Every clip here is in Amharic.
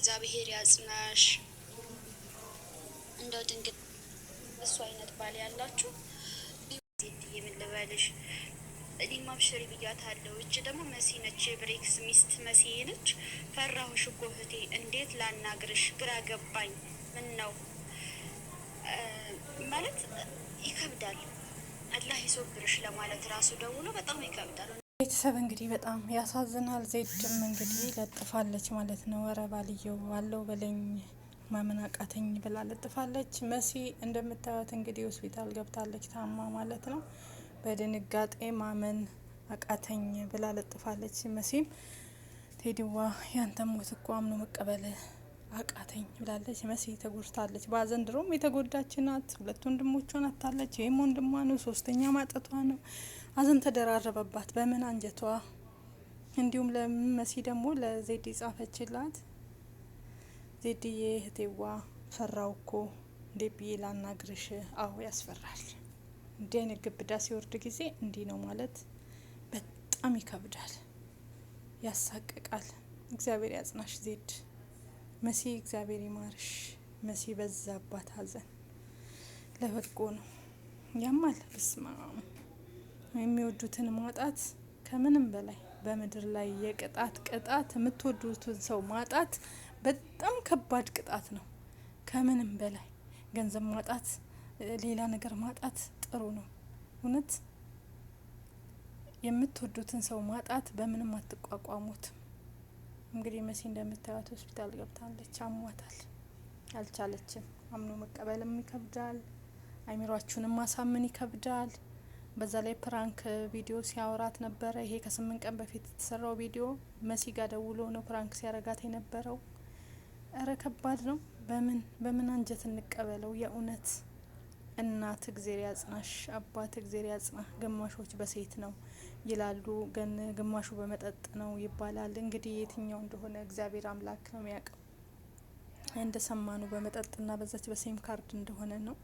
እግዚአብሔር ያጽናሽ። እንደው ድንግል እሱ አይነት ባል ያላችሁ ሴትዬ ምን ልበልሽ፣ እኔም አብሽሪ ብያታለሁ። እች ደግሞ መሲ ነች፣ ብሬክስ ሚስት መሲ ነች። ፈራሁሽ እኮ እህቴ፣ እንዴት ላናግርሽ ግራ ገባኝ። ምን ነው ማለት ይከብዳል። አላህ ይሶብርሽ ለማለት ራሱ ደውሎ በጣም ይከብዳል። ቤተሰብ እንግዲህ በጣም ያሳዝናል። ዜድም እንግዲህ ለጥፋለች ማለት ነው። ወረ ባልየው አለው በለኝ ማመን አቃተኝ ብላ ለጥፋለች። መሲ እንደምታዩት እንግዲህ ሆስፒታል ገብታለች ታማ ማለት ነው። በድንጋጤ ማመን አቃተኝ ብላ ለጥፋለች። መሲም ቴዲዋ ያንተ ሞት እኮ አምኖ መቀበል አቃተኝ ብላለች። መሲ ተጎድታለች። ባዘንድሮም የተጎዳች ናት። ሁለት ወንድሞቿን አታለች። ይህም ወንድሟ ነው። ሶስተኛ ማጠቷ ነው። ሀዘን ተደራረበባት። በምን አንጀቷ እንዲሁም ለመሲ ደግሞ ለዜድ ጻፈችላት። ዜድዬ እህቴዋ ፈራው እኮ እንዴ ብዬ ላናግርሽ። አዎ ያስፈራል። እንዲህ አይነት ግብዳ ሲወርድ ጊዜ እንዲህ ነው ማለት በጣም ይከብዳል፣ ያሳቅቃል። እግዚአብሔር ያጽናሽ ዜድ መሲ፣ እግዚአብሔር ይማርሽ መሲ። በዛባት ሀዘን ለበጎ ነው ያማል። ብስማ የሚወዱትን ማጣት ከምንም በላይ በምድር ላይ የቅጣት ቅጣት የምትወዱትን ሰው ማጣት በጣም ከባድ ቅጣት ነው። ከምንም በላይ ገንዘብ ማጣት፣ ሌላ ነገር ማጣት ጥሩ ነው። እውነት የምትወዱትን ሰው ማጣት በምንም አትቋቋሙትም። እንግዲህ መሲ እንደምታዩት ሆስፒታል ገብታለች፣ አሟታል፣ አልቻለችም። አምኖ መቀበልም ይከብዳል፣ አይምሯችሁንም ማሳመን ይከብዳል። በዛ ላይ ፕራንክ ቪዲዮ ሲያወራት ነበረ። ይሄ ከስምንት ቀን በፊት የተሰራው ቪዲዮ መሲ ጋር ደውሎ ነው ፕራንክ ሲያረጋት የነበረው። እረ ከባድ ነው። በምን በምን አንጀት እንቀበለው? የእውነት እናት እግዜር ያጽናሽ፣ አባት እግዜር ያጽና። ግማሾች በሴት ነው ይላሉ፣ ግን ግማሹ በመጠጥ ነው ይባላል። እንግዲህ የትኛው እንደሆነ እግዚአብሔር አምላክ ነው የሚያውቀው። እንደሰማኑ በመጠጥና በዛች በሴም ካርድ እንደሆነ ነው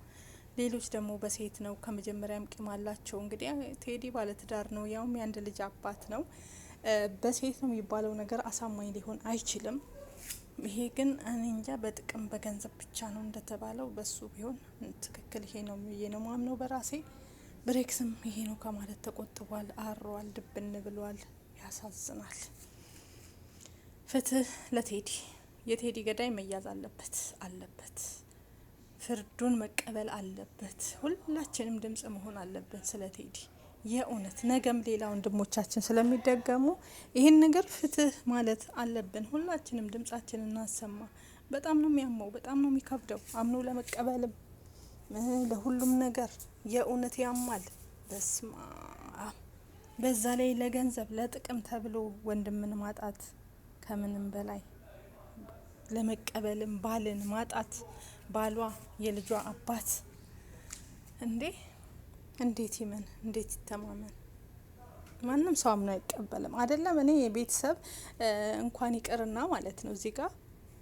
ሌሎች ደግሞ በሴት ነው። ከመጀመሪያም ቂም አላቸው። እንግዲህ ቴዲ ባለትዳር ነው፣ ያውም የአንድ ልጅ አባት ነው። በሴት ነው የሚባለው ነገር አሳማኝ ሊሆን አይችልም። ይሄ ግን እኔ እንጃ በጥቅም በገንዘብ ብቻ ነው እንደተባለው በሱ ቢሆን ትክክል ይሄ ነው ብዬ ነው ማምነው በራሴ ብሬክስም ይሄ ነው ከማለት ተቆጥቧል፣ አሯል፣ ድብን ብሏል። ያሳዝናል። ፍትህ ለቴዲ የቴዲ ገዳይ መያዝ አለበት አለበት። ፍርዱን መቀበል አለበት። ሁላችንም ድምጽ መሆን አለብን ስለ ቴዲ የእውነት ነገም ሌላ ወንድሞቻችን ስለሚደገሙ ይህን ነገር ፍትህ ማለት አለብን። ሁላችንም ድምጻችን እናሰማ። በጣም ነው የሚያመው፣ በጣም ነው የሚከብደው አምኖ ለመቀበልም ለሁሉም ነገር የእውነት ያማል። በስማ በዛ ላይ ለገንዘብ ለጥቅም ተብሎ ወንድምን ማጣት ከምንም በላይ ለመቀበልም ባልን ማጣት ባሏ የልጇ አባት እንዴ! እንዴት ይመን? እንዴት ይተማመን? ማንም ሰው አምኖ አይቀበልም። አይደለም እኔ የቤተሰብ እንኳን ይቅርና ማለት ነው እዚህ ጋር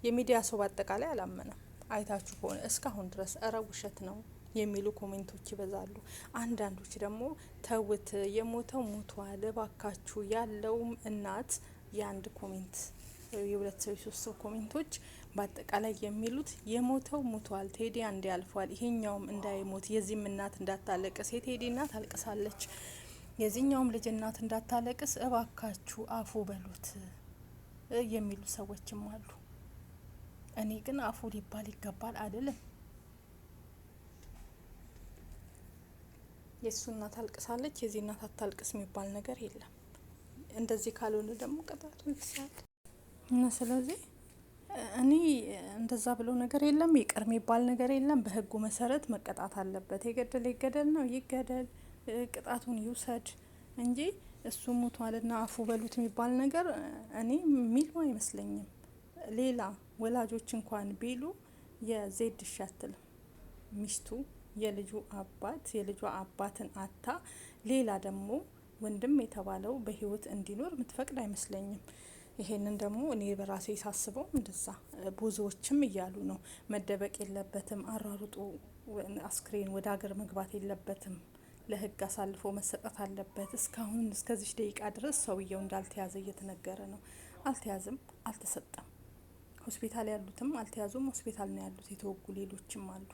የሚዲያ ሰው በአጠቃላይ አላመነም። አይታችሁ ከሆነ እስካሁን ድረስ እረ ውሸት ነው የሚሉ ኮሜንቶች ይበዛሉ። አንዳንዶች ደግሞ ተውት፣ የሞተው ሞቷል፣ እባካችሁ ያለውም እናት የአንድ ኮሜንት የሁለት ሰው የሶስት ሰው ኮሜንቶች በአጠቃላይ የሚሉት የሞተው ሙቷል ቴዲ አንዴ አልፏል፣ ይሄኛውም እንዳይሞት፣ የዚህም እናት እንዳታለቅስ፣ የቴዲ እናት አልቅሳለች፣ የዚህኛውም ልጅ እናት እንዳታለቅስ፣ እባካችሁ አፉ በሉት የሚሉ ሰዎችም አሉ። እኔ ግን አፉ ሊባል ይገባል አይደለም። የእሱ እናት አልቅሳለች፣ የዚህ እናት አታልቅስ የሚባል ነገር የለም። እንደዚህ ካልሆነ ደግሞ ቅጣቱ ይሳል። እና ስለዚህ እኔ እንደዛ ብለው ነገር የለም፣ ይቅር የሚባል ነገር የለም። በህጉ መሰረት መቀጣት አለበት። የገደለ ይገደል ነው ይገደል፣ ቅጣቱን ይውሰድ እንጂ እሱ ሙቷልና አፉ በሉት የሚባል ነገር እኔ የሚሉ አይመስለኝም። ሌላ ወላጆች እንኳን ቢሉ የዜድ ሻትልም ሚስቱ የልጁ አባት የልጇ አባትን አታ ሌላ ደግሞ ወንድም የተባለው በህይወት እንዲኖር ምትፈቅድ አይመስለኝም። ይሄንን ደግሞ እኔ በራሴ ሳስበው እንደዛ ብዙዎችም እያሉ ነው። መደበቅ የለበትም አራሩጡ አስክሬን ወደ ሀገር መግባት የለበትም ለህግ አሳልፎ መሰጠት አለበት። እስካሁን እስከዚች ደቂቃ ድረስ ሰውየው እንዳልተያዘ እየተነገረ ነው። አልተያዝም፣ አልተሰጠም። ሆስፒታል ያሉትም አልተያዙም፣ ሆስፒታል ነው ያሉት። የተወጉ ሌሎችም አሉ።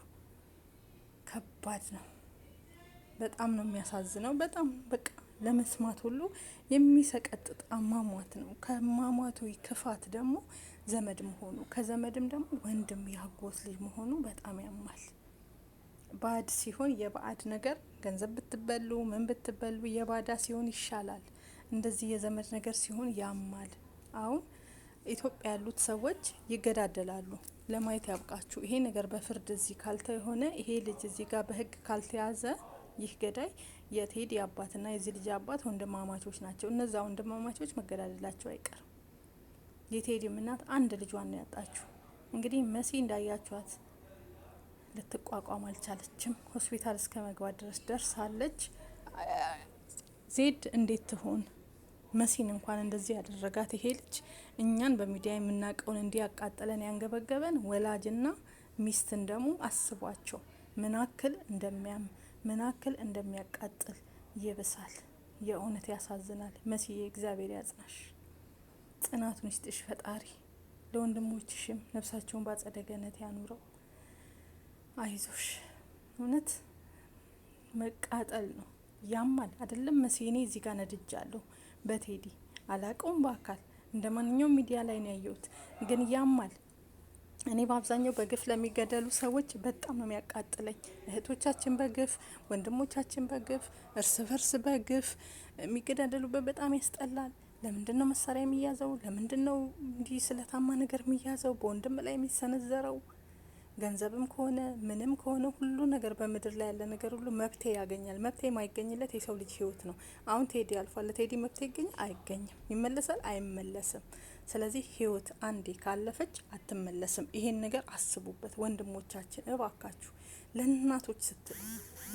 ከባድ ነው። በጣም ነው የሚያሳዝነው። በጣም በቃ ለመስማት ሁሉ የሚሰቀጥጥ አሟሟት ነው። ከአሟሟቱ ክፋት ደግሞ ዘመድ መሆኑ ከዘመድም ደግሞ ወንድም ያጎት ልጅ መሆኑ በጣም ያማል። ባዕድ ሲሆን የባዕድ ነገር ገንዘብ ብትበሉ ምን ብትበሉ የባዳ ሲሆን ይሻላል። እንደዚህ የዘመድ ነገር ሲሆን ያማል። አሁን ኢትዮጵያ ያሉት ሰዎች ይገዳደላሉ። ለማየት ያብቃችሁ። ይሄ ነገር በፍርድ እዚህ ካልተሆነ ይሄ ልጅ እዚህ ጋር በህግ ካልተያዘ ይህ ገዳይ የቴዲ አባትና የዚህ ልጅ አባት ወንድማማቾች ናቸው። እነዛ ወንድማማቾች መገዳደላቸው አይቀርም። የቴዲም እናት አንድ ልጇን ነው ያጣችው። እንግዲህ መሲ እንዳያችኋት ልትቋቋም አልቻለችም። ሆስፒታል እስከ መግባት ድረስ ደርሳለች። ዜድ እንዴት ትሆን? መሲን እንኳን እንደዚህ ያደረጋት ይሄ ልጅ እኛን በሚዲያ የምናውቀውን ያቃጠለን ያንገበገበን ወላጅና ሚስትን ደግሞ አስቧቸው ምናክል እንደሚያም ምናክል እንደሚያቃጥል ይብሳል። የእውነት ያሳዝናል። መስዬ እግዚአብሔር ያጽናሽ፣ ጽናቱን ይስጥሽ ፈጣሪ። ለወንድሞችሽም ነፍሳቸውን ባጸደ ገነት ያኑረው። አይዞሽ። እውነት መቃጠል ነው ያማል፣ አይደለም እኔ እዚህ ጋር ነድጃለሁ። በቴዲ አላቀውም በአካል እንደ ማንኛውም ሚዲያ ላይ ነው ያየሁት፣ ግን ያማል። እኔ በአብዛኛው በግፍ ለሚገደሉ ሰዎች በጣም ነው የሚያቃጥለኝ። እህቶቻችን በግፍ ወንድሞቻችን በግፍ እርስ በርስ በግፍ የሚገዳደሉበት በጣም ያስጠላል። ለምንድን ነው መሳሪያ የሚያዘው? ለምንድን ነው እንዲህ ስለታማ ነገር የሚያዘው? በወንድም ላይ የሚሰነዘረው ገንዘብም ከሆነ ምንም ከሆነ ሁሉ ነገር በምድር ላይ ያለ ነገር ሁሉ መፍትሄ ያገኛል። መፍትሄ የማይገኝለት የሰው ልጅ ህይወት ነው። አሁን ቴዲ አልፏል። ለቴዲ መፍትሄ ይገኝ አይገኝም? ይመለሳል? አይመለስም። ስለዚህ ህይወት አንዴ ካለፈች አትመለስም። ይሄን ነገር አስቡበት ወንድሞቻችን፣ እባካችሁ ለእናቶች ስትሉ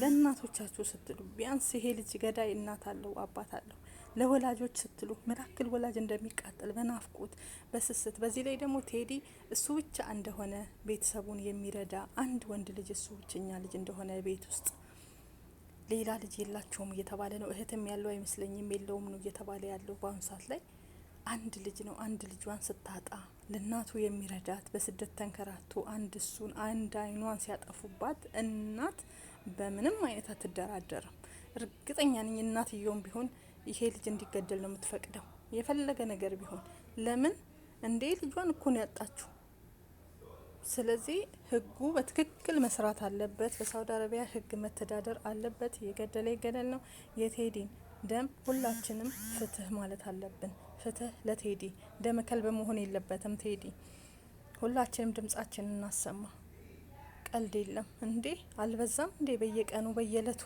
ለእናቶቻችሁ ስትሉ ቢያንስ ይሄ ልጅ ገዳይ እናት አለው አባት አለው ለወላጆች ስትሉ ምን ያክል ወላጅ እንደሚቃጠል በናፍቆት በስስት። በዚህ ላይ ደግሞ ቴዲ እሱ ብቻ እንደሆነ ቤተሰቡን የሚረዳ አንድ ወንድ ልጅ እሱ ብቸኛ ልጅ እንደሆነ ቤት ውስጥ ሌላ ልጅ የላቸውም እየተባለ ነው። እህትም ያለው አይመስለኝም የለውም ነው እየተባለ ያለው በአሁኑ ሰዓት ላይ አንድ ልጅ ነው። አንድ ልጇን ስታጣ ለእናቱ የሚረዳት በስደት ተንከራቶ አንድ እሱን አንድ አይኗን ሲያጠፉባት እናት በምንም አይነት አትደራደርም። እርግጠኛ ነኝ እናትየውም ቢሆን ይሄ ልጅ እንዲገደል ነው የምትፈቅደው፣ የፈለገ ነገር ቢሆን ለምን እንዴ? ልጇን እኮ ነው ያጣችሁ። ስለዚህ ህጉ በትክክል መስራት አለበት። በሳውዲ አረቢያ ህግ መተዳደር አለበት። የገደለ ይገደል ነው። የቴዲን ደም ሁላችንም ፍትህ ማለት አለብን። ፍትህ ለቴዲ ደም ከል በመሆን የለበትም። ቴዲ ሁላችንም ድምጻችን እናሰማ። ቀልድ የለም እንዴ አልበዛም እንዴ? በየቀኑ በየእለቱ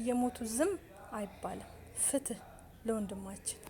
እየሞቱ ዝም አይባልም። ፍትህ ለወንድማችን